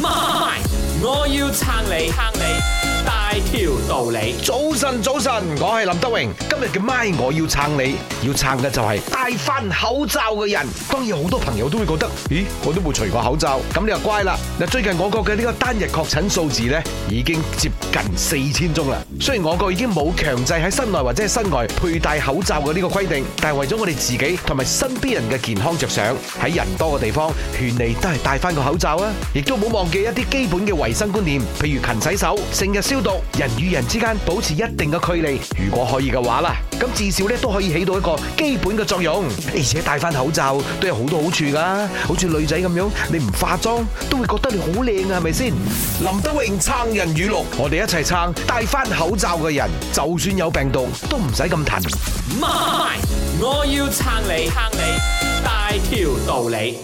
MY，My. 我要撐你。撐你。挑逗你，早晨早晨，我係林德榮，今日嘅咪我要撐你，要撐嘅就係戴翻口罩嘅人。當然好多朋友都會覺得，咦，我都冇除過口罩，咁你又乖啦。嗱，最近我國嘅呢個單日確診數字呢已經接近四千宗啦。雖然我國已經冇強制喺室內或者係室外佩戴口罩嘅呢個規定，但係為咗我哋自己同埋身邊人嘅健康着想，喺人多嘅地方，勸你都係戴翻個口罩啊！亦都唔好忘記一啲基本嘅衛生觀念，譬如勤洗手、成日消毒。人與人之間保持一定嘅距離，如果可以嘅話啦，咁至少咧都可以起到一個基本嘅作用，而且戴翻口罩都有好多好處噶，好似女仔咁樣，你唔化妝都會覺得你好靚啊，係咪先？林德榮撐人語錄，我哋一齊撐，戴翻口罩嘅人，就算有病毒都唔使咁疼。MY，我要撐你，撐你大條道理。